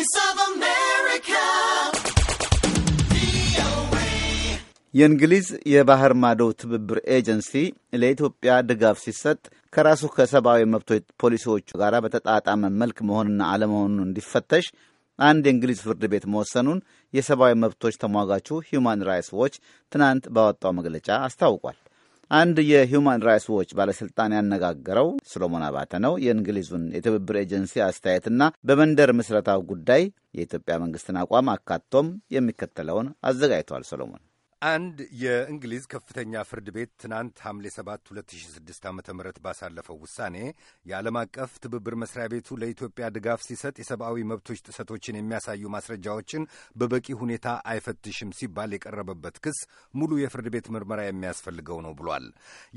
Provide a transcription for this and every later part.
Voice of America. የእንግሊዝ የባህር ማዶ ትብብር ኤጀንሲ ለኢትዮጵያ ድጋፍ ሲሰጥ ከራሱ ከሰብአዊ መብቶች ፖሊሲዎቹ ጋር በተጣጣመ መልክ መሆንና አለመሆኑን እንዲፈተሽ አንድ የእንግሊዝ ፍርድ ቤት መወሰኑን የሰብአዊ መብቶች ተሟጋቹ ሂዩማን ራይትስ ዎች ትናንት ባወጣው መግለጫ አስታውቋል። አንድ የሂውማን ራይትስ ዎች ባለስልጣን ያነጋገረው ሶሎሞን አባተ ነው። የእንግሊዙን የትብብር ኤጀንሲ አስተያየትና በመንደር ምስረታው ጉዳይ የኢትዮጵያ መንግስትን አቋም አካቶም የሚከተለውን አዘጋጅቷል። ሶሎሞን አንድ የእንግሊዝ ከፍተኛ ፍርድ ቤት ትናንት ሐምሌ 7 2006 ዓ ም ባሳለፈው ውሳኔ የዓለም አቀፍ ትብብር መስሪያ ቤቱ ለኢትዮጵያ ድጋፍ ሲሰጥ የሰብአዊ መብቶች ጥሰቶችን የሚያሳዩ ማስረጃዎችን በበቂ ሁኔታ አይፈትሽም ሲባል የቀረበበት ክስ ሙሉ የፍርድ ቤት ምርመራ የሚያስፈልገው ነው ብሏል።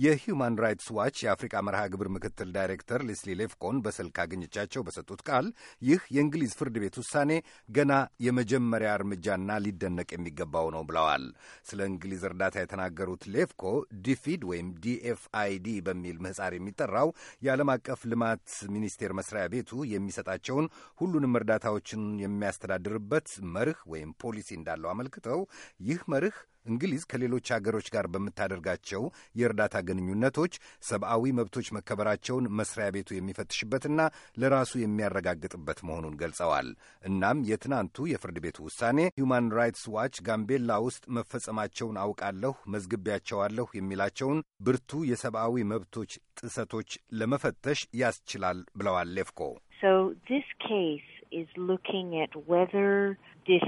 የሂውማን ራይትስ ዋች የአፍሪቃ መርሃ ግብር ምክትል ዳይሬክተር ሊስሊ ሌፍኮን በስልክ አግኝቻቸው በሰጡት ቃል ይህ የእንግሊዝ ፍርድ ቤት ውሳኔ ገና የመጀመሪያ እርምጃና ሊደነቅ የሚገባው ነው ብለዋል። ስለ እንግሊዝ እርዳታ የተናገሩት ሌፍኮ ዲፊድ ወይም ዲኤፍአይዲ በሚል ምህጻር የሚጠራው የዓለም አቀፍ ልማት ሚኒስቴር መስሪያ ቤቱ የሚሰጣቸውን ሁሉንም እርዳታዎችን የሚያስተዳድርበት መርህ ወይም ፖሊሲ እንዳለው አመልክተው ይህ መርህ እንግሊዝ ከሌሎች አገሮች ጋር በምታደርጋቸው የእርዳታ ግንኙነቶች ሰብአዊ መብቶች መከበራቸውን መስሪያ ቤቱ የሚፈትሽበትና ለራሱ የሚያረጋግጥበት መሆኑን ገልጸዋል። እናም የትናንቱ የፍርድ ቤቱ ውሳኔ ሁማን ራይትስ ዋች ጋምቤላ ውስጥ መፈጸማቸውን አውቃለሁ፣ መዝግቤያቸዋለሁ የሚላቸውን ብርቱ የሰብአዊ መብቶች ጥሰቶች ለመፈተሽ ያስችላል ብለዋል ሌፍኮ። is looking at whether ይህ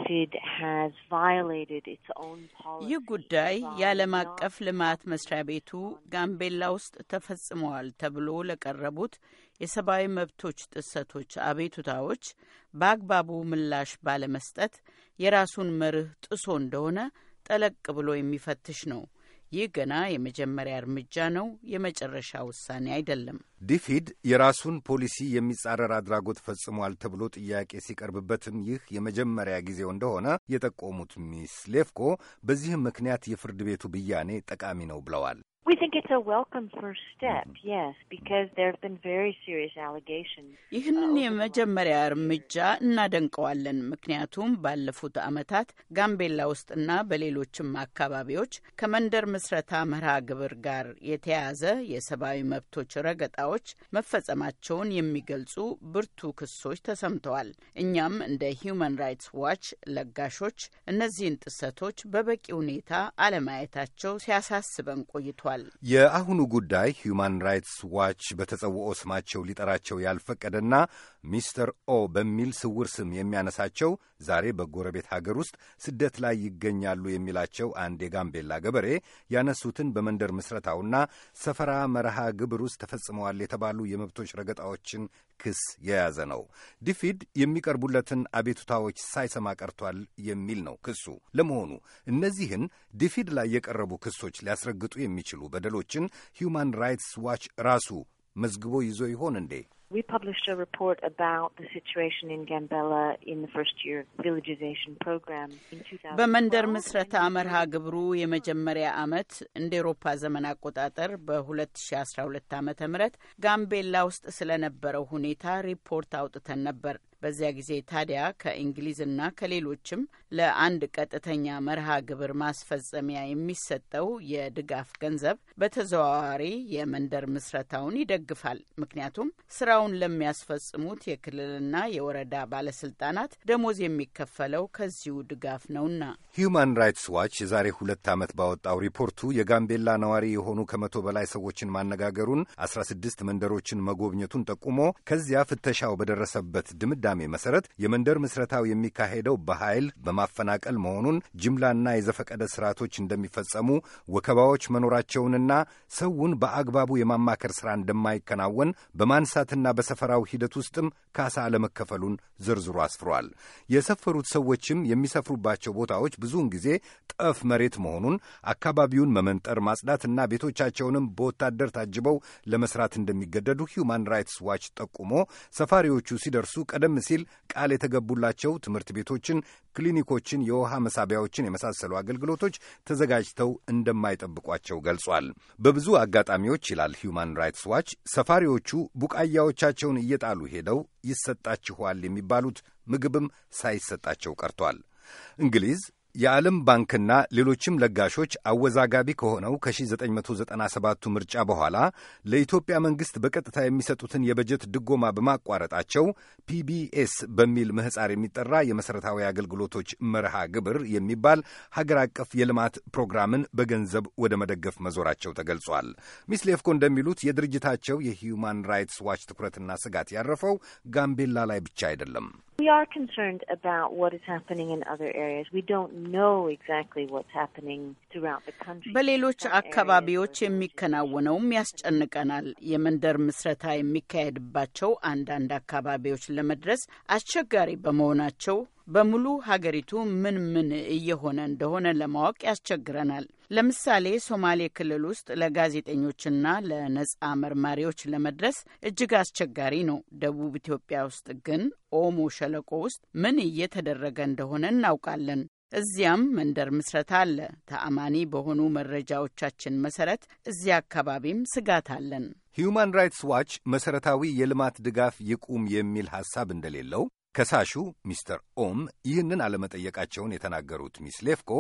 ጉዳይ የዓለም አቀፍ ልማት መስሪያ ቤቱ ጋምቤላ ውስጥ ተፈጽመዋል ተብሎ ለቀረቡት የሰብአዊ መብቶች ጥሰቶች አቤቱታዎች በአግባቡ ምላሽ ባለመስጠት የራሱን መርህ ጥሶ እንደሆነ ጠለቅ ብሎ የሚፈትሽ ነው። ይህ ገና የመጀመሪያ እርምጃ ነው፣ የመጨረሻ ውሳኔ አይደለም። ዲፊድ የራሱን ፖሊሲ የሚጻረር አድራጎት ፈጽሟል ተብሎ ጥያቄ ሲቀርብበትም ይህ የመጀመሪያ ጊዜው እንደሆነ የጠቆሙት ሚስ ሌፍኮ በዚህም ምክንያት የፍርድ ቤቱ ብያኔ ጠቃሚ ነው ብለዋል። We think it's a welcome first step, mm-hmm. yes, because there have been very serious allegations. ይህንን የመጀመሪያ እርምጃ እናደንቀዋለን፣ ምክንያቱም ባለፉት ዓመታት ጋምቤላ ውስጥና በሌሎችም አካባቢዎች ከመንደር ምስረታ መርሃ ግብር ጋር የተያያዘ የሰብአዊ መብቶች ረገጣዎች መፈጸማቸውን የሚገልጹ ብርቱ ክሶች ተሰምተዋል። እኛም እንደ ሂዩማን ራይትስ ዋች ለጋሾች እነዚህን ጥሰቶች በበቂ ሁኔታ አለማየታቸው ሲያሳስበን ቆይቷል። ብለዋል። የአሁኑ ጉዳይ ሁማን ራይትስ ዋች በተጸውኦ ስማቸው ሊጠራቸው ያልፈቀደና ሚስተር ኦ በሚል ስውር ስም የሚያነሳቸው ዛሬ በጎረቤት ሀገር ውስጥ ስደት ላይ ይገኛሉ የሚላቸው አንድ የጋምቤላ ገበሬ ያነሱትን በመንደር ምስረታውና ሰፈራ መርሃ ግብር ውስጥ ተፈጽመዋል የተባሉ የመብቶች ረገጣዎችን ክስ የያዘ ነው። ዲፊድ የሚቀርቡለትን አቤቱታዎች ሳይሰማ ቀርቷል የሚል ነው ክሱ። ለመሆኑ እነዚህን ዲፊድ ላይ የቀረቡ ክሶች ሊያስረግጡ የሚችሉ በደሎችን ሂዩማን ራይትስ ዋች ራሱ መዝግቦ ይዞ ይሆን እንዴ? We published a report about the situation in Gambella in the first year of villagization program in በመንደር ምስረታ መርሃ ግብሩ የመጀመሪያ ዓመት እንደ ኤሮፓ ዘመን አቆጣጠር በ2012 ዓ ም ጋምቤላ ውስጥ ስለነበረው ሁኔታ ሪፖርት አውጥተን ነበር። በዚያ ጊዜ ታዲያ ከእንግሊዝና ከሌሎችም ለአንድ ቀጥተኛ መርሃ ግብር ማስፈጸሚያ የሚሰጠው የድጋፍ ገንዘብ በተዘዋዋሪ የመንደር ምስረታውን ይደግፋል። ምክንያቱም ስራውን ለሚያስፈጽሙት የክልልና የወረዳ ባለስልጣናት ደሞዝ የሚከፈለው ከዚሁ ድጋፍ ነውና። ሂዩማን ራይትስ ዋች የዛሬ ሁለት ዓመት ባወጣው ሪፖርቱ የጋምቤላ ነዋሪ የሆኑ ከመቶ በላይ ሰዎችን ማነጋገሩን፣ 16 መንደሮችን መጎብኘቱን ጠቁሞ ከዚያ ፍተሻው በደረሰበት ድምዳሜ መሰረት የመንደር ምስረታው የሚካሄደው በኃይል በማ ማፈናቀል መሆኑን፣ ጅምላና የዘፈቀደ ስርዓቶች እንደሚፈጸሙ፣ ወከባዎች መኖራቸውንና ሰውን በአግባቡ የማማከር ሥራ እንደማይከናወን በማንሳትና በሰፈራው ሂደት ውስጥም ካሳ አለመከፈሉን ዝርዝሮ አስፍሯል። የሰፈሩት ሰዎችም የሚሰፍሩባቸው ቦታዎች ብዙውን ጊዜ ጠፍ መሬት መሆኑን፣ አካባቢውን መመንጠር ማጽዳትና ቤቶቻቸውንም በወታደር ታጅበው ለመስራት እንደሚገደዱ ሂውማን ራይትስ ዋች ጠቁሞ ሰፋሪዎቹ ሲደርሱ ቀደም ሲል ቃል የተገቡላቸው ትምህርት ቤቶችን፣ ክሊኒ ክሊኒኮችን፣ የውሃ መሳቢያዎችን የመሳሰሉ አገልግሎቶች ተዘጋጅተው እንደማይጠብቋቸው ገልጿል። በብዙ አጋጣሚዎች ይላል ሂዩማን ራይትስ ዋች ሰፋሪዎቹ ቡቃያዎቻቸውን እየጣሉ ሄደው ይሰጣችኋል የሚባሉት ምግብም ሳይሰጣቸው ቀርቷል። እንግሊዝ የዓለም ባንክና ሌሎችም ለጋሾች አወዛጋቢ ከሆነው ከ1997ቱ ምርጫ በኋላ ለኢትዮጵያ መንግሥት በቀጥታ የሚሰጡትን የበጀት ድጎማ በማቋረጣቸው ፒቢኤስ በሚል ምህፃር የሚጠራ የመሠረታዊ አገልግሎቶች መርሃ ግብር የሚባል ሀገር አቀፍ የልማት ፕሮግራምን በገንዘብ ወደ መደገፍ መዞራቸው ተገልጿል። ሚስ ሌፍኮ እንደሚሉት የድርጅታቸው የሂዩማን ራይትስ ዋች ትኩረትና ስጋት ያረፈው ጋምቤላ ላይ ብቻ አይደለም። We are concerned about what is happening in other areas. We don't know exactly what's happening throughout the country. በሌሎች አካባቢዎች የሚከናወነውም ያስጨንቀናል። የመንደር ምስረታ የሚካሄድባቸው አንዳንድ አካባቢዎች ለመድረስ አስቸጋሪ በመሆናቸው በሙሉ ሀገሪቱ ምን ምን እየሆነ እንደሆነ ለማወቅ ያስቸግረናል። ለምሳሌ ሶማሌ ክልል ውስጥ ለጋዜጠኞችና ለነጻ መርማሪዎች ለመድረስ እጅግ አስቸጋሪ ነው። ደቡብ ኢትዮጵያ ውስጥ ግን ኦሞ ሸለቆ ውስጥ ምን እየተደረገ እንደሆነ እናውቃለን። እዚያም መንደር ምስረት አለ። ተአማኒ በሆኑ መረጃዎቻችን መሰረት እዚያ አካባቢም ስጋት አለን። ሂዩማን ራይትስ ዋች መሰረታዊ የልማት ድጋፍ ይቁም የሚል ሐሳብ እንደሌለው ከሳሹ ሚስተር ኦም ይህንን አለመጠየቃቸውን የተናገሩት ሚስ ሌፍኮ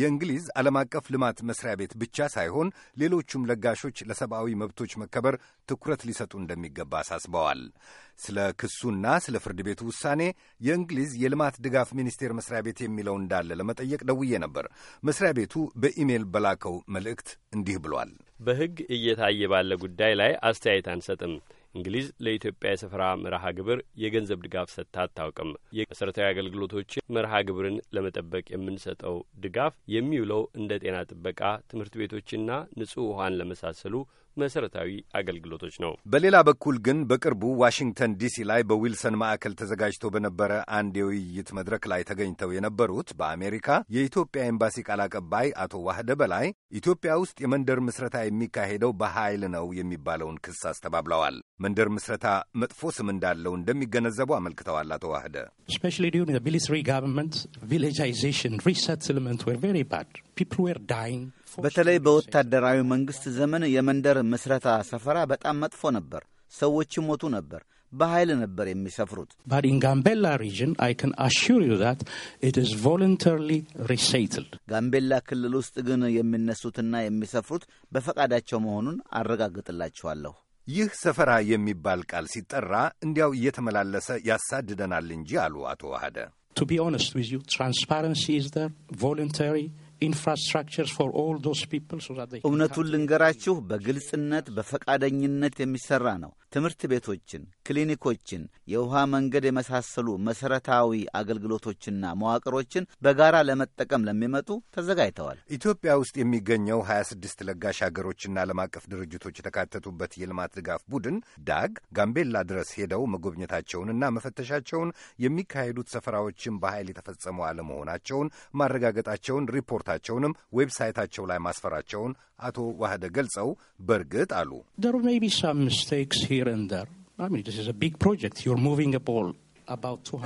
የእንግሊዝ ዓለም አቀፍ ልማት መስሪያ ቤት ብቻ ሳይሆን ሌሎቹም ለጋሾች ለሰብአዊ መብቶች መከበር ትኩረት ሊሰጡ እንደሚገባ አሳስበዋል። ስለ ክሱና ስለ ፍርድ ቤቱ ውሳኔ የእንግሊዝ የልማት ድጋፍ ሚኒስቴር መስሪያ ቤት የሚለው እንዳለ ለመጠየቅ ደውዬ ነበር። መስሪያ ቤቱ በኢሜል በላከው መልእክት እንዲህ ብሏል። በሕግ እየታየ ባለ ጉዳይ ላይ አስተያየት አንሰጥም እንግሊዝ ለኢትዮጵያ የሰፈራ መርሃ ግብር የገንዘብ ድጋፍ ሰጥታ አታውቅም። የመሠረታዊ አገልግሎቶችን መርሃ ግብርን ለመጠበቅ የምንሰጠው ድጋፍ የሚውለው እንደ ጤና ጥበቃ፣ ትምህርት ቤቶችና ንጹህ ውሃን ለመሳሰሉ መሰረታዊ አገልግሎቶች ነው። በሌላ በኩል ግን በቅርቡ ዋሽንግተን ዲሲ ላይ በዊልሰን ማዕከል ተዘጋጅቶ በነበረ አንድ የውይይት መድረክ ላይ ተገኝተው የነበሩት በአሜሪካ የኢትዮጵያ ኤምባሲ ቃል አቀባይ አቶ ዋህደ በላይ ኢትዮጵያ ውስጥ የመንደር ምስረታ የሚካሄደው በኃይል ነው የሚባለውን ክስ አስተባብለዋል። መንደር ምስረታ መጥፎ ስም እንዳለው እንደሚገነዘቡ አመልክተዋል። አቶ ዋህደ ሚሊታሪ በተለይ በወታደራዊ መንግሥት ዘመን የመንደር ምስረታ ሰፈራ በጣም መጥፎ ነበር። ሰዎች ይሞቱ ነበር። በኃይል ነበር የሚሰፍሩት። ጋምቤላ ሪጅን ጋምቤላ ክልል ውስጥ ግን የሚነሱትና የሚሰፍሩት በፈቃዳቸው መሆኑን አረጋግጥላችኋለሁ። ይህ ሰፈራ የሚባል ቃል ሲጠራ እንዲያው እየተመላለሰ ያሳድደናል እንጂ አሉ አቶ ዋህደ። እውነቱን ልንገራችሁ፣ በግልጽነት በፈቃደኝነት የሚሰራ ነው። ትምህርት ቤቶችን፣ ክሊኒኮችን፣ የውሃ መንገድ የመሳሰሉ መሰረታዊ አገልግሎቶችና መዋቅሮችን በጋራ ለመጠቀም ለሚመጡ ተዘጋጅተዋል። ኢትዮጵያ ውስጥ የሚገኘው 26 ለጋሽ ሀገሮችና ዓለም አቀፍ ድርጅቶች የተካተቱበት የልማት ድጋፍ ቡድን ዳግ ጋምቤላ ድረስ ሄደው መጎብኘታቸውንና መፈተሻቸውን የሚካሄዱት ሰፈራዎችን በኃይል የተፈጸሙ አለመሆናቸውን ማረጋገጣቸውን ሪፖርታቸውንም ዌብሳይታቸው ላይ ማስፈራቸውን አቶ ዋህደ ገልጸው በእርግጥ አሉ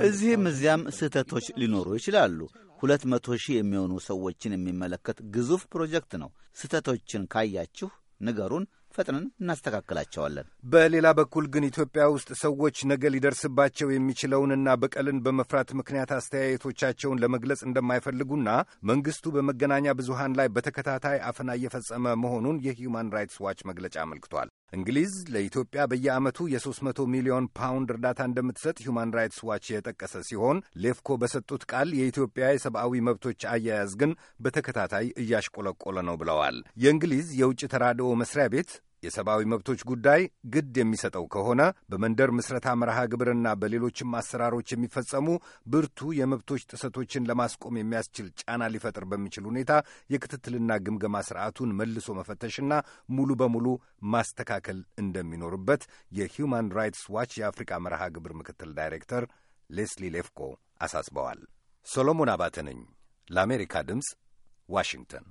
እዚህም እዚያም ስህተቶች ሊኖሩ ይችላሉ። ሁለት መቶ ሺህ የሚሆኑ ሰዎችን የሚመለከት ግዙፍ ፕሮጀክት ነው። ስህተቶችን ካያችሁ ንገሩን፣ ፈጥነን እናስተካክላቸዋለን። በሌላ በኩል ግን ኢትዮጵያ ውስጥ ሰዎች ነገ ሊደርስባቸው የሚችለውንና በቀልን በመፍራት ምክንያት አስተያየቶቻቸውን ለመግለጽ እንደማይፈልጉና መንግስቱ በመገናኛ ብዙሃን ላይ በተከታታይ አፈና እየፈጸመ መሆኑን የሂውማን ራይትስ ዋች መግለጫ አመልክቷል። እንግሊዝ ለኢትዮጵያ በየዓመቱ የ300 ሚሊዮን ፓውንድ እርዳታ እንደምትሰጥ ሁማን ራይትስ ዋች የጠቀሰ ሲሆን ሌፍኮ በሰጡት ቃል የኢትዮጵያ የሰብአዊ መብቶች አያያዝ ግን በተከታታይ እያሽቆለቆለ ነው ብለዋል። የእንግሊዝ የውጭ ተራድኦ መስሪያ ቤት የሰብአዊ መብቶች ጉዳይ ግድ የሚሰጠው ከሆነ በመንደር ምስረታ መርሃ ግብርና በሌሎችም አሰራሮች የሚፈጸሙ ብርቱ የመብቶች ጥሰቶችን ለማስቆም የሚያስችል ጫና ሊፈጥር በሚችል ሁኔታ የክትትልና ግምገማ ስርዓቱን መልሶ መፈተሽና ሙሉ በሙሉ ማስተካከል እንደሚኖርበት የሂውማን ራይትስ ዋች የአፍሪካ መርሃ ግብር ምክትል ዳይሬክተር ሌስሊ ሌፍኮ አሳስበዋል። ሶሎሞን አባተ ነኝ ለአሜሪካ ድምፅ ዋሽንግተን።